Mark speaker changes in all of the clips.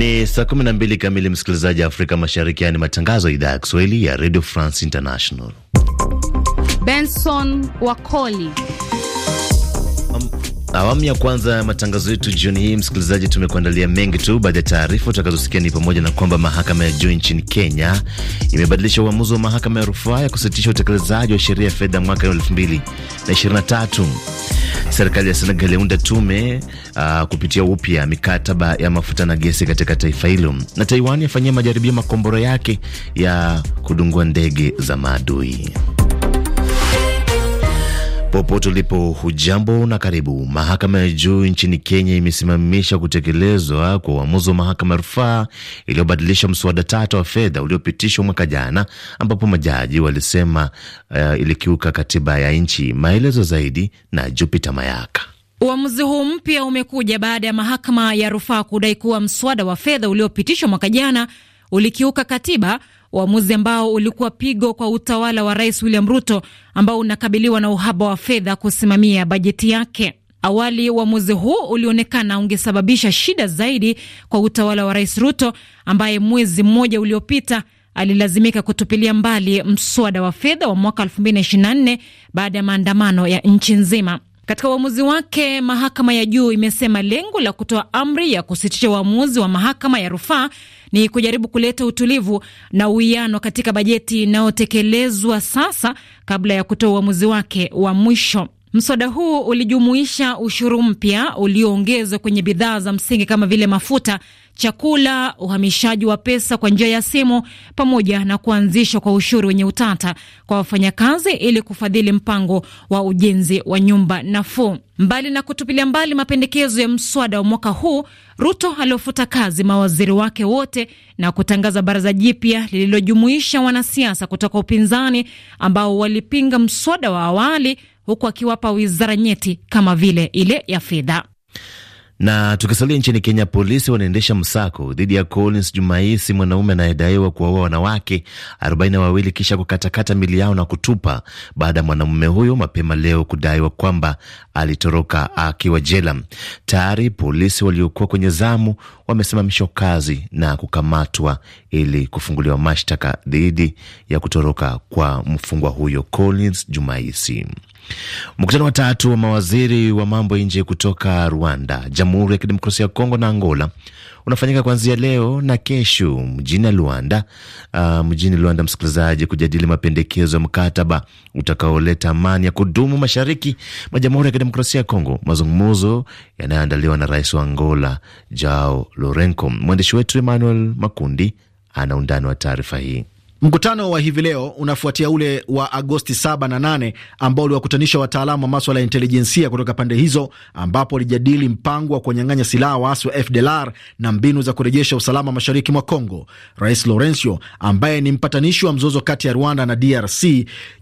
Speaker 1: Ni saa 12 kamili, msikilizaji Afrika Mashariki. Yani matangazo ya idhaa ya Kiswahili ya Radio France International.
Speaker 2: Benson Wakoli.
Speaker 1: Awamu ya kwanza ya matangazo yetu jioni hii, msikilizaji, tumekuandalia mengi tu. Baadhi ya taarifa utakazosikia ni pamoja na kwamba mahakama ya juu nchini Kenya imebadilisha uamuzi wa mahakama ya rufaa ya kusitisha utekelezaji wa sheria ya fedha mwaka 2023. Serikali ya Senegal yaunda tume uh, kupitia upya mikataba ya mafuta na gesi katika taifa hilo, na Taiwan yafanyia majaribio makombora yake ya kudungua ndege za maadui. Popote ulipo hujambo na karibu. Mahakama ya juu nchini Kenya imesimamisha kutekelezwa kwa uamuzi wa mahakama rufaa iliyobadilisha mswada tata wa fedha uliopitishwa mwaka jana, ambapo majaji walisema uh, ilikiuka katiba ya nchi. Maelezo zaidi na Jupita Mayaka.
Speaker 2: Uamuzi huu mpya umekuja baada ya mahakama ya rufaa kudai kuwa mswada wa fedha uliopitishwa mwaka jana ulikiuka katiba, uamuzi ambao ulikuwa pigo kwa utawala wa Rais William Ruto ambao unakabiliwa na uhaba wa fedha kusimamia bajeti yake. Awali uamuzi huu ulionekana ungesababisha shida zaidi kwa utawala wa Rais Ruto ambaye mwezi mmoja uliopita alilazimika kutupilia mbali mswada wa fedha wa mwaka 2024 baada ya maandamano ya nchi nzima. Katika uamuzi wake, mahakama ya juu imesema lengo la kutoa amri ya kusitisha uamuzi wa mahakama ya rufaa ni kujaribu kuleta utulivu na uwiano katika bajeti inayotekelezwa sasa kabla ya kutoa uamuzi wake wa mwisho. Mswada huu ulijumuisha ushuru mpya ulioongezwa kwenye bidhaa za msingi kama vile mafuta, chakula, uhamishaji wa pesa kwa njia ya simu, pamoja na kuanzishwa kwa ushuru wenye utata kwa wafanyakazi ili kufadhili mpango wa ujenzi wa nyumba nafuu. Mbali na kutupilia mbali mapendekezo ya mswada wa mwaka huu, Ruto aliofuta kazi mawaziri wake wote na kutangaza baraza jipya lililojumuisha wanasiasa kutoka upinzani ambao walipinga mswada wa awali, huku akiwapa wizara nyeti kama vile ile ya
Speaker 1: fedha. Na tukisalia nchini Kenya, polisi wanaendesha msako dhidi ya Collins Jumaisi, mwanaume anayedaiwa kuwaua wanawake 4 wawili kisha kukatakata mili yao na kutupa, baada ya mwanamume huyo mapema leo kudaiwa kwamba alitoroka akiwa jela. Tayari polisi waliokuwa kwenye zamu wamesimamishwa kazi na kukamatwa ili kufunguliwa mashtaka dhidi ya kutoroka kwa mfungwa huyo Collins Jumaisi. Mkutano wa tatu wa mawaziri wa mambo ya nje kutoka Rwanda, Jamhuri ya Kidemokrasia ya Kongo na Angola unafanyika kuanzia leo na kesho mjini Luanda, uh, mjini Luanda, msikilizaji, kujadili mapendekezo ya mkataba utakaoleta amani ya kudumu mashariki mwa Jamhuri ya Kidemokrasia ya Kongo, mazungumzo yanayoandaliwa na rais wa Angola jao Lourenco. Mwandishi wetu Emmanuel Makundi ana undani wa taarifa hii.
Speaker 3: Mkutano wa hivi leo unafuatia ule wa Agosti 7 na 8 ambao uliwakutanisha wataalamu wa maswala ya intelijensia kutoka pande hizo, ambapo walijadili mpango wa kuwanyang'anya silaha waasi wa FDLR na mbinu za kurejesha usalama mashariki mwa congo Rais Laurencio ambaye ni mpatanishi wa mzozo kati ya Rwanda na DRC,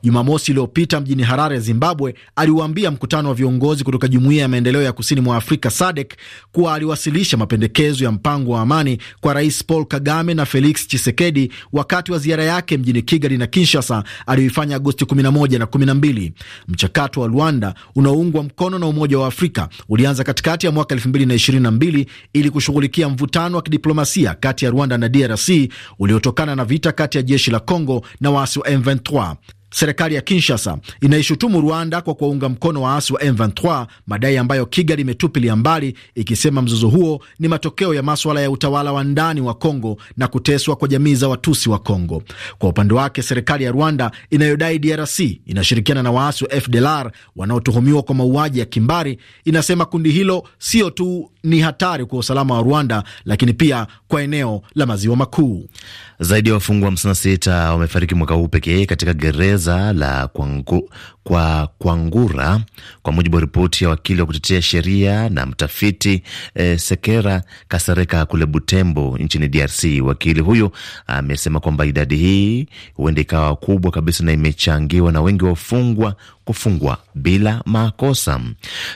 Speaker 3: Jumamosi iliyopita mjini Harare ya Zimbabwe, aliwaambia mkutano wa viongozi kutoka Jumuiya ya Maendeleo ya Kusini mwa Afrika SADC kuwa aliwasilisha mapendekezo ya mpango wa amani kwa Rais Paul Kagame na Felix chisekedi wakati wa ziara yake mjini Kigali na Kinshasa aliyoifanya Agosti 11 na 12. Mchakato wa Rwanda unaoungwa mkono na Umoja wa Afrika ulianza katikati ya mwaka 2022 ili kushughulikia mvutano wa kidiplomasia kati ya Rwanda na DRC uliotokana na vita kati ya jeshi la Kongo na waasi wa M23. Serikali ya Kinshasa inaishutumu Rwanda kwa kuwaunga mkono waasi wa M23, madai ambayo Kigali imetupilia mbali, ikisema mzozo huo ni matokeo ya maswala ya utawala wa ndani wa Kongo na kuteswa kwa jamii za Watusi wa Kongo. Kwa upande wake, serikali ya Rwanda inayodai DRC inashirikiana na waasi wa FDLR wanaotuhumiwa kwa mauaji ya kimbari, inasema kundi hilo sio tu ni hatari kwa usalama wa Rwanda, lakini pia kwa eneo la
Speaker 1: maziwa makuu. Zaidi ya wafungwa 56 wamefariki mwaka huu pekee katika gereza la kwangu kwa Kwangura, kwa mujibu wa ripoti ya wakili wa kutetea sheria na mtafiti eh, Sekera Kasereka kule Butembo nchini DRC. Wakili huyo amesema kwamba idadi hii huenda ikawa kubwa kabisa na imechangiwa na wengi wafungwa kufungwa bila makosa.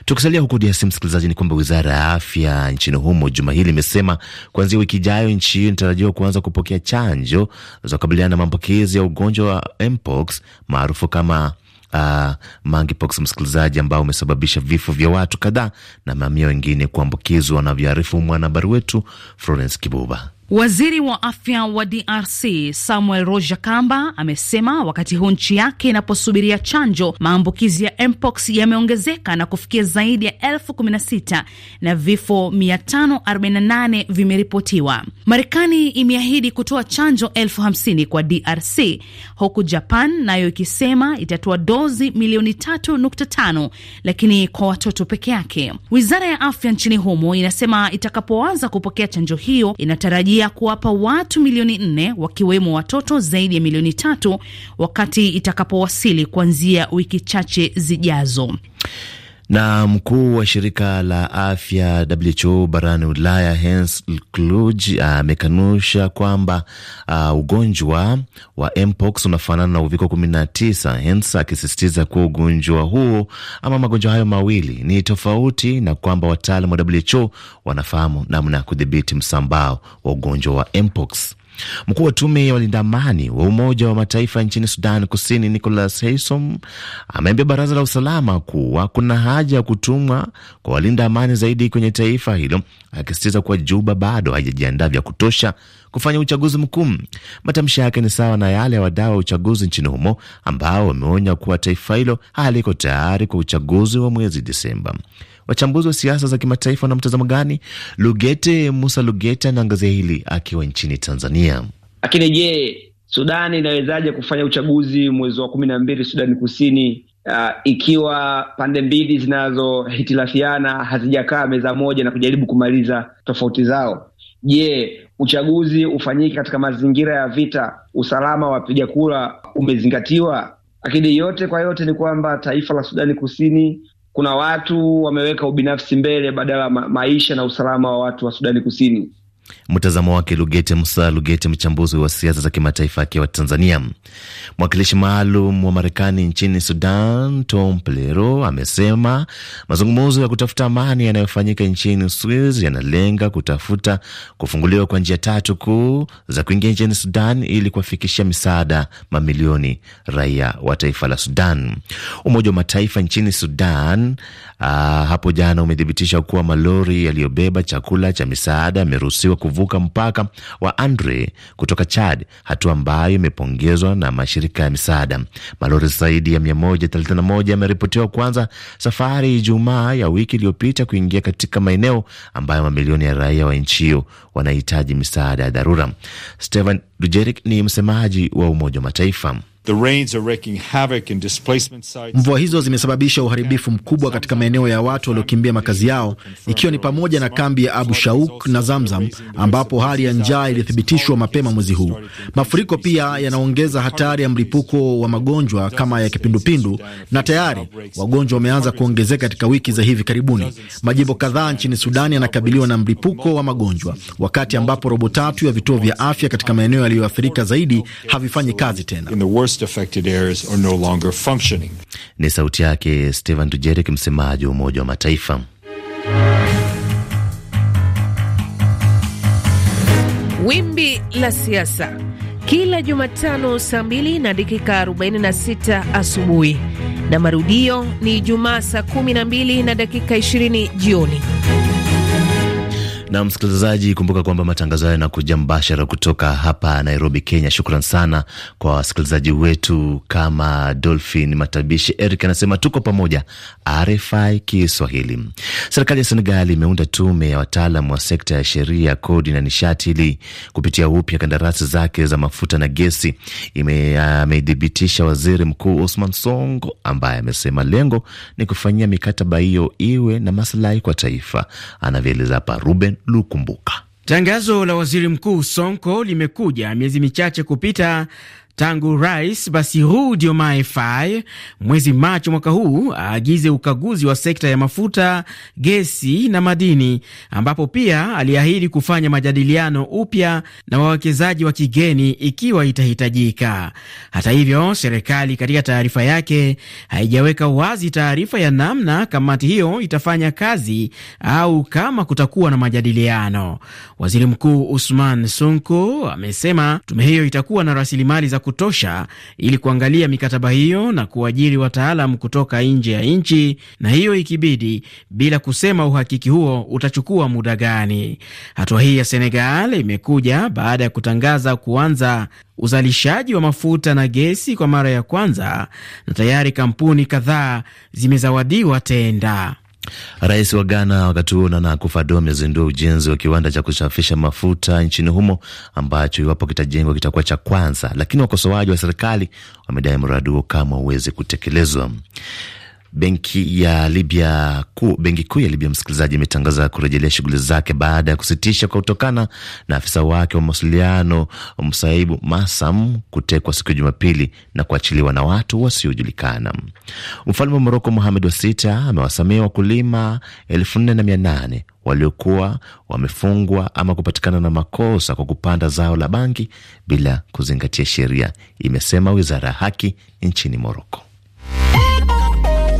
Speaker 1: Tukisalia huko DRC, msikilizaji, ni kwamba wizara ya afya nchini humo juma hili imesema kuanzia wiki ijayo nchi hiyo inatarajiwa kuanza kupokea chanjo za kukabiliana na maambukizi ya ugonjwa wa mpox maarufu kama uh, ah, monkeypox msikilizaji, ambao umesababisha vifo vya watu kadhaa na mamia wengine kuambukizwa, anavyoarifu mwanahabari wetu Florence Kibuba.
Speaker 4: Waziri
Speaker 2: wa afya wa DRC Samuel Rojakamba amesema wakati huu nchi yake inaposubiria chanjo, maambukizi ya mpox yameongezeka na kufikia zaidi ya elfu kumi na sita na vifo 548 vimeripotiwa. Marekani imeahidi kutoa chanjo elfu hamsini kwa DRC huku Japan nayo ikisema itatoa dozi milioni 3.5 lakini kwa watoto peke yake. Wizara ya afya nchini humo inasema itakapoanza kupokea chanjo hiyo inatarajia ya kuwapa watu milioni nne wakiwemo watoto zaidi ya milioni tatu wakati itakapowasili kuanzia wiki chache zijazo.
Speaker 1: Na mkuu wa shirika la afya WHO barani Ulaya Hans Kluge amekanusha kwamba uh, ugonjwa wa mpox unafanana na uviko 19, Hans akisisitiza kuwa ugonjwa huo ama magonjwa hayo mawili ni tofauti na kwamba wataalamu wa WHO wanafahamu namna ya kudhibiti msambao wa ugonjwa wa mpox. Mkuu wa tume ya walinda amani wa Umoja wa Mataifa nchini Sudan Kusini, Nicholas Haysom, ameambia baraza la usalama kuwa kuna haja ya kutumwa kwa walinda amani zaidi kwenye taifa hilo, akisisitiza kuwa Juba bado haijajiandaa vya kutosha kufanya uchaguzi mkuu. Matamshi yake ni sawa na yale ya wadau wa uchaguzi nchini humo ambao wameonya kuwa taifa hilo haliko tayari kwa uchaguzi wa mwezi Desemba. Wachambuzi wa siasa za kimataifa wana mtazamo gani? Lugete Musa Lugete anaangazia hili akiwa nchini Tanzania.
Speaker 4: Lakini je, Sudani inawezaje kufanya uchaguzi mwezi wa kumi na mbili Sudani Kusini? Uh, ikiwa pande mbili zinazohitilafiana hazijakaa meza moja na kujaribu kumaliza tofauti zao. Je, uchaguzi ufanyike katika mazingira ya vita? Usalama wa wapiga kura umezingatiwa? Lakini yote kwa yote ni kwamba taifa la Sudani Kusini kuna watu wameweka ubinafsi mbele badala ma maisha na usalama wa watu wa Sudani Kusini.
Speaker 1: Mtazamo wake Lugete Musa Lugete, mchambuzi wa siasa za kimataifa akiwa Tanzania. Mwakilishi maalum wa Marekani nchini Sudan, Tom Plero, amesema mazungumzo ya kutafuta amani yanayofanyika nchini Swiz yanalenga kutafuta kufunguliwa kwa njia tatu kuu za kuingia nchini Sudan ili kuwafikishia misaada mamilioni raia wa taifa la Sudan. Umoja wa Mataifa nchini Sudan aa, ah, hapo jana umethibitisha kuwa malori yaliyobeba chakula cha misaada yameruhusiwa kuvuka mpaka wa Andre kutoka Chad, hatua ambayo imepongezwa na mashirika ya misaada. Malori zaidi ya 131 yameripotiwa kuanza safari Ijumaa ya wiki iliyopita kuingia katika maeneo ambayo mamilioni ya raia wa nchi hiyo wanahitaji misaada ya dharura. Stefan Dujerik ni msemaji wa Umoja wa Mataifa.
Speaker 3: Mvua hizo zimesababisha uharibifu mkubwa katika maeneo ya watu waliokimbia makazi yao, ikiwa ni pamoja na kambi ya Abu Shauk na Zamzam, ambapo hali ya njaa ilithibitishwa mapema mwezi huu. Mafuriko pia yanaongeza hatari ya mlipuko wa magonjwa kama ya kipindupindu, na tayari wagonjwa wameanza kuongezeka katika wiki za hivi karibuni. Majimbo kadhaa nchini Sudani yanakabiliwa na mlipuko wa magonjwa, wakati ambapo robo tatu ya vituo vya afya katika maeneo yaliyoathirika zaidi havifanyi kazi tena
Speaker 1: worst affected areas are no longer functioning. Ni sauti yake Stephane Dujarric, msemaji wa Umoja wa Mataifa.
Speaker 2: Wimbi la siasa kila Jumatano saa 2 na dakika 46 asubuhi na marudio ni Ijumaa saa 12 na dakika 20 jioni.
Speaker 1: Na msikilizaji, kumbuka kwamba matangazo haya yanakuja mbashara kutoka hapa Nairobi, Kenya. Shukran sana kwa wasikilizaji wetu kama Dolphin Matabishi. Eric anasema tuko pamoja, RFI Kiswahili. Serikali ya Senegal imeunda tume ya wataalam wa sekta ya sheria, kodi na nishati ili kupitia upya kandarasi zake za mafuta na gesi. Ah, Ameidhibitisha uh, waziri mkuu Osman Songo ambaye amesema lengo ni kufanyia mikataba hiyo iwe na maslahi kwa taifa, anavyoeleza hapa Ruben Lukumbuka.
Speaker 4: Tangazo la waziri mkuu Sonko limekuja miezi michache kupita tangu Rais Bassirou Diomaye Faye mwezi Machi mwaka huu aagize ukaguzi wa sekta ya mafuta, gesi na madini, ambapo pia aliahidi kufanya majadiliano upya na wawekezaji wa kigeni ikiwa itahitajika. Hata hivyo, serikali katika taarifa yake haijaweka wazi taarifa ya namna kamati hiyo itafanya kazi au kama kutakuwa na majadiliano. Waziri Mkuu Usman Sonko amesema tume hiyo itakuwa na rasilimali za kutosha ili kuangalia mikataba hiyo na kuajiri wataalam kutoka nje ya nchi, na hiyo ikibidi, bila kusema uhakiki huo utachukua muda gani. Hatua hii ya Senegal imekuja baada ya kutangaza kuanza uzalishaji wa mafuta na gesi kwa mara ya kwanza, na tayari kampuni kadhaa zimezawadiwa tenda.
Speaker 1: Rais wa Ghana wakati huo Nana Akufo-Addo amezindua ujenzi wa kiwanda cha kusafisha mafuta nchini humo ambacho iwapo kitajengwa kitakuwa cha kwanza, lakini wakosoaji wa serikali wamedai mradi huo kama huwezi kutekelezwa. Benki ya Libya ku, benki kuu ya Libya, msikilizaji, imetangaza kurejelea shughuli zake baada ya kusitisha kwa kutokana na afisa wake wa mawasiliano Msaibu Masam kutekwa siku ya Jumapili na kuachiliwa na watu wasiojulikana. Mfalme wa Moroko muhamed wa Sita amewasamia wakulima elfu nne na mia nane waliokuwa wamefungwa ama kupatikana na makosa kwa kupanda zao la bangi bila kuzingatia sheria, imesema wizara ya haki nchini Moroko.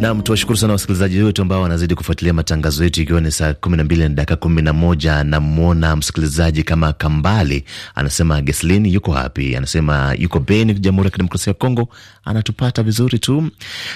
Speaker 1: Nam, tuwashukuru sana wasikilizaji wetu ambao wanazidi kufuatilia matangazo yetu, ikiwa ni saa kumi na mbili na dakika kumi na moja. Namwona msikilizaji kama Kambale anasema Geslin yuko hapi, anasema yuko Beni, Jamhuri ya Kidemokrasia ya Kongo, anatupata vizuri tu.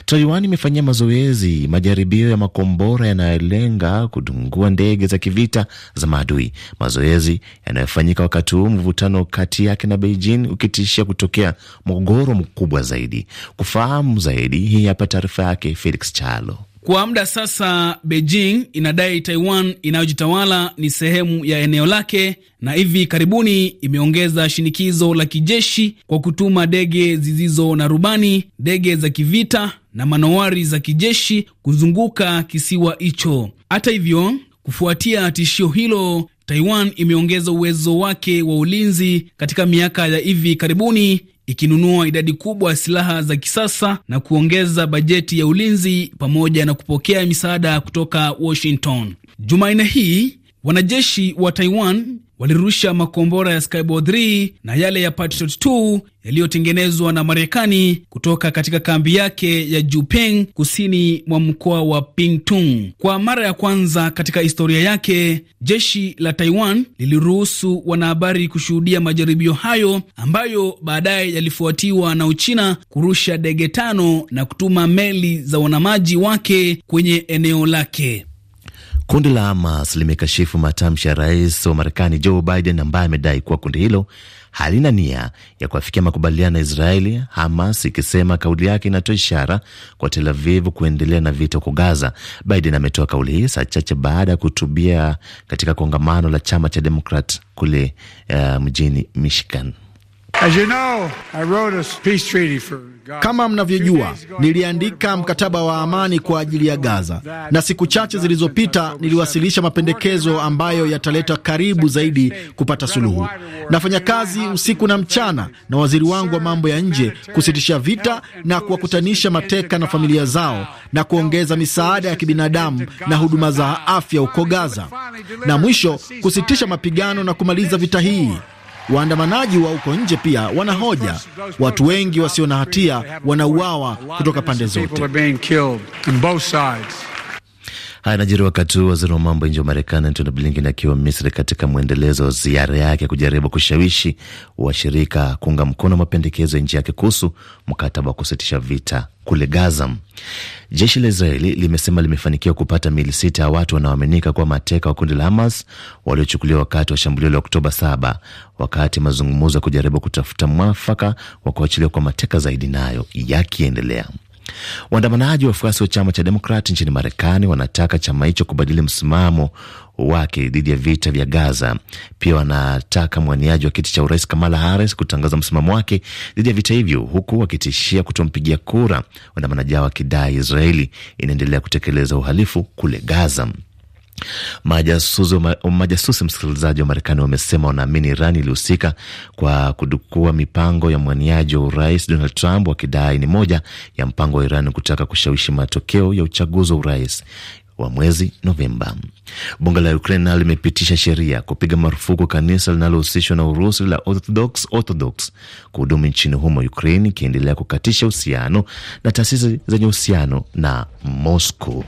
Speaker 1: Taiwan imefanyia mazoezi majaribio ya makombora yanayolenga kudungua ndege za kivita za maadui, mazoezi yanayofanyika wakati huu mvutano kati yake na Beijing ukitishia kutokea mgogoro mkubwa zaidi. Kufahamu zaidi, hii hapa taarifa yake. Felix Chalo.
Speaker 5: Kwa muda sasa, Beijing inadai Taiwan inayojitawala ni sehemu ya eneo lake, na hivi karibuni imeongeza shinikizo la kijeshi kwa kutuma ndege zisizo na rubani, ndege za kivita na manowari za kijeshi kuzunguka kisiwa hicho. Hata hivyo, kufuatia tishio hilo, Taiwan imeongeza uwezo wake wa ulinzi katika miaka ya hivi karibuni ikinunua idadi kubwa ya silaha za kisasa na kuongeza bajeti ya ulinzi pamoja na kupokea misaada kutoka Washington. Jumanne hii wanajeshi wa Taiwan walirusha makombora ya Skybow 3 na yale ya Patriot 2 yaliyotengenezwa na Marekani kutoka katika kambi yake ya Jupeng kusini mwa mkoa wa Pingtung. Kwa mara ya kwanza katika historia yake, jeshi la Taiwan liliruhusu wanahabari kushuhudia majaribio hayo ambayo baadaye yalifuatiwa na Uchina kurusha dege tano na kutuma meli za wanamaji wake kwenye eneo lake.
Speaker 1: Kundi la Hamas limekashifu matamshi ya rais wa Marekani Joe Biden ambaye amedai kuwa kundi hilo halina nia ya kuafikia makubaliano ya Israeli, Hamas ikisema kauli yake inatoa ishara kwa Tel Aviv kuendelea na vita huko Gaza. Biden ametoa kauli hii saa chache baada ya kuhutubia katika kongamano la chama cha Demokrat kule uh, mjini Michigan.
Speaker 3: Kama mnavyojua, niliandika mkataba wa amani kwa ajili ya Gaza, na siku chache zilizopita niliwasilisha mapendekezo ambayo yataleta karibu zaidi kupata suluhu. Nafanya kazi usiku na mchana na waziri wangu wa mambo ya nje kusitisha vita na kuwakutanisha mateka na familia zao na kuongeza misaada ya kibinadamu na huduma za afya huko Gaza, na mwisho kusitisha mapigano na kumaliza vita hii. Waandamanaji wa huko nje pia wanahoja watu wengi wasio na hatia wanauawa kutoka pande zote.
Speaker 1: Haya najiri wakati huu waziri wa mambo nje wa Marekani Antony Blinken akiwa Misri katika mwendelezo wa ziara yake kujaribu kushawishi washirika kuunga mkono mapendekezo ya nchi yake kuhusu mkataba wa kusitisha vita kule Gaza. Jeshi la Israeli limesema limefanikiwa kupata miili sita ya watu wanaoaminika kuwa mateka wa kundi la Hamas waliochukuliwa wakati wa shambulio la Oktoba saba, wakati mazungumzo ya kujaribu kutafuta mwafaka wa kuachiliwa kwa mateka zaidi nayo yakiendelea. Waandamanaji wafuasi wa chama cha Demokrat nchini Marekani wanataka chama hicho kubadili msimamo wake dhidi ya vita vya Gaza. Pia wanataka mwaniaji wa kiti cha urais Kamala Harris kutangaza msimamo wake dhidi ya vita hivyo, huku wakitishia kutompigia kura, waandamanaji hao wakidai Israeli inaendelea kutekeleza uhalifu kule Gaza. Majasusi, msikilizaji wa Marekani wamesema wanaamini Iran ilihusika kwa kudukua mipango ya mwaniaji wa urais Donald Trump, wakidai ni moja ya mpango wa Iran kutaka kushawishi matokeo ya uchaguzi wa urais wa mwezi Novemba. Bunge la Ukraine nalo limepitisha sheria kupiga marufuku kanisa linalohusishwa na Urusi la Orthodox Orthodox kuhudumu nchini humo, Ukraine ikiendelea kukatisha uhusiano na taasisi zenye uhusiano na Moscow.